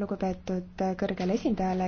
lugupeetud kõrgele esindajale,